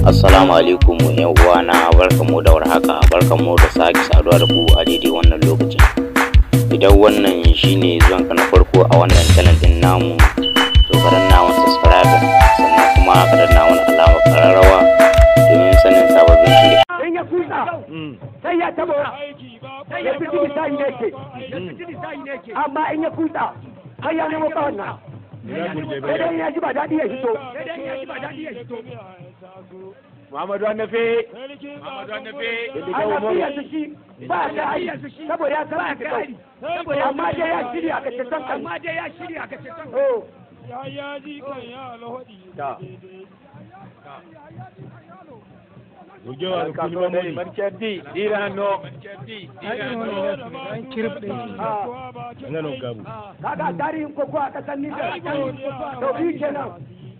Assalamu alaikum yan uwana barkamu da warhaka barkamu da sake saduwa da ku a daidai wannan lokacin. Idan wannan shine zuwan ka na farko a wannan channel din namu to karan na wani subscribe sannan kuma karan na wani alama kararrawa domin sanin sababbin shi. In ya kusa mm. sai ya tabo sai ya fiti lisani ne ke amma in ya kusa har ya nemo kawai na. Sai ya ji ba daɗi ya fito. Muhammadu Annafe Muhammadu Annafe ba da ayi saboda ya aka kai saboda amma da ya shirya ka ce san amma oh. ya ya ji kan ya da Gujewa dirano an ah. gabu kaga tarihin to bi kenan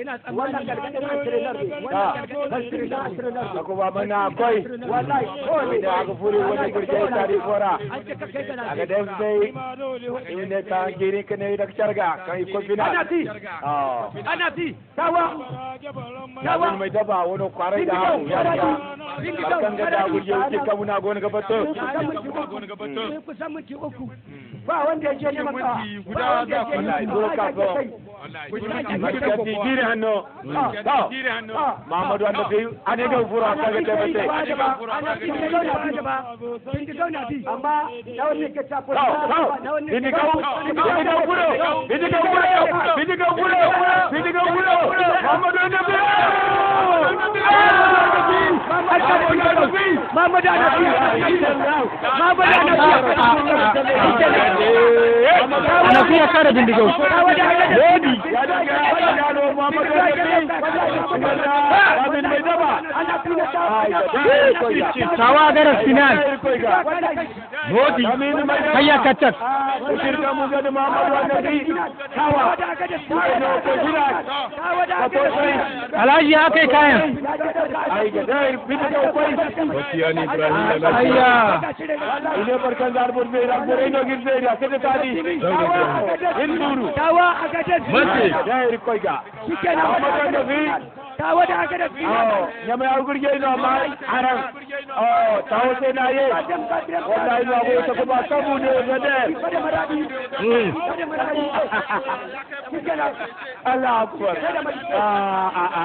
ina tsammanin gargadin asirin ne wannan ah, kuma mana akwai wallahi ko da aka fure wani gurje fora sai inda ta giri da charga kai ko tawa ah. tawa mai daba wani kwarai da ya ya kan ga da gurje gona hmm. ba wanda ya je ne maka miskati jiri hanno to mamadou anno fewi ane dow furo akkaɓe teɓete amma nawne A ko bidi gaw bidi gaw furo bidi gaw furo bidi gaw furo bidi gaw furo mamadou anno fewi ma ma da na fiye ma ma da na fiye ma na fiye kare bindigo lodi tawa gara final lodi kayya kacat alhaji ya kai kayan yani Ibrahim lafiya ile barkan zarbur bai rabbur ino gilde ya kada tadi hinduru dawa aka ce mace dai koi ga shikenan amma da fi dawa da aka da fi ya mai augurge ino amma haram oh tawo sai na ye wallahi ba ko ta kuma sabu ne da da shikenan Allah akbar a a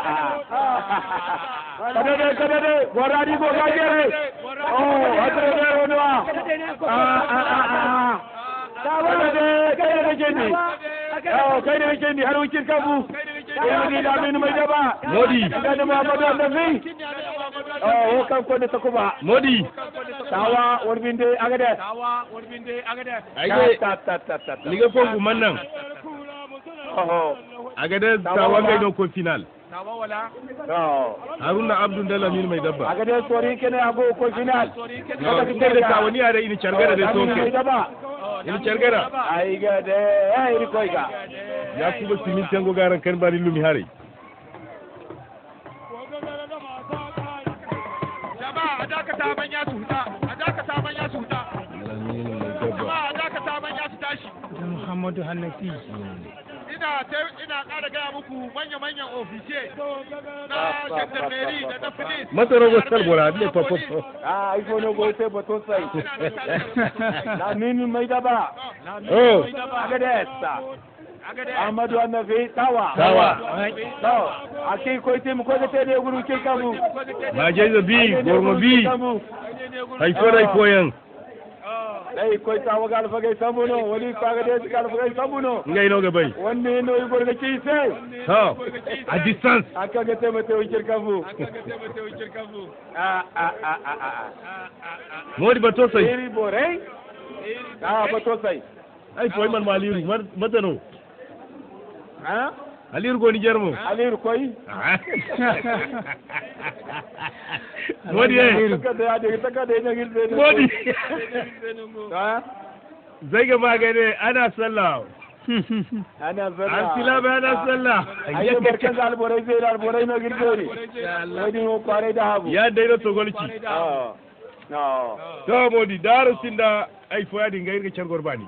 a ಕಡದೆ ಕಡದೆ ಹೋರಾಡಿ ಗೋಗಾಗ್ಯಾರೆ ಓ ಹತ್ರದೆ ಹೋದ್ವಾ ಕಡದೆ ಕೈದ ಜೇನಿ ಕೈದ ಜೇನಿ ಹರು ವಿಚಿರ್ ಕಾಬು ಏನಿ ಲಾಮಿನ ಮೈದಬಾ ಮೋದಿ ಕಡದೆ ಮಹಮದ ನಬಿ ಓ ಓ ಕಂ ಕೊನೆ ತಕುಬಾ Modi tawa warbinde agade tawa warbinde agade ta ta ta ta ni ga agade tawa ko final haruna abdun dalamin mai dabba aga de sori kene ago ko final aga de de tawani ara ini chargara oh, da soke oh, ini chargara ai ga de ai ri ya kuma simin tango garan kan bari lumi hari jama'a adaka ta ban ya suda adaka ta ban ya suda A adaka ta ban ya suda muhammadu hanafi hmm. yadda ina ƙara gaya muku manya-manyan ofishe na jandarmeri da ah, na filis. Matsaron wasu bora ne fafafo. A ifo ne goyi sai bato sai. Na nini mai daba. Oh. Agadesta. Ahmadu Annabi tawa. Tawa. Tawa. A kai koi te mu kwaje te ne guru ke kamu. Ma da bi, gormo bi. Haifo da koyan dai koy tawa gal fagay sambuno woni faga de gal fagay sambuno ngay no gabay é wonni no yu gorga ci sey ha a distance aka ga tema te wicir kafu a é a a a modi bato sai iri borai a bato sai ai koy man maliru matano ha aliru goni jarmu ah. aliru koy modi e modi zai ga magane ana sallah ana sallah an sila ba ana ah. sallah ayyo barkan alborai zai alborai no girdori modi mo kware da habu ya dai da togolci to ah. modi darusin da ai foya dinga irga chargor bani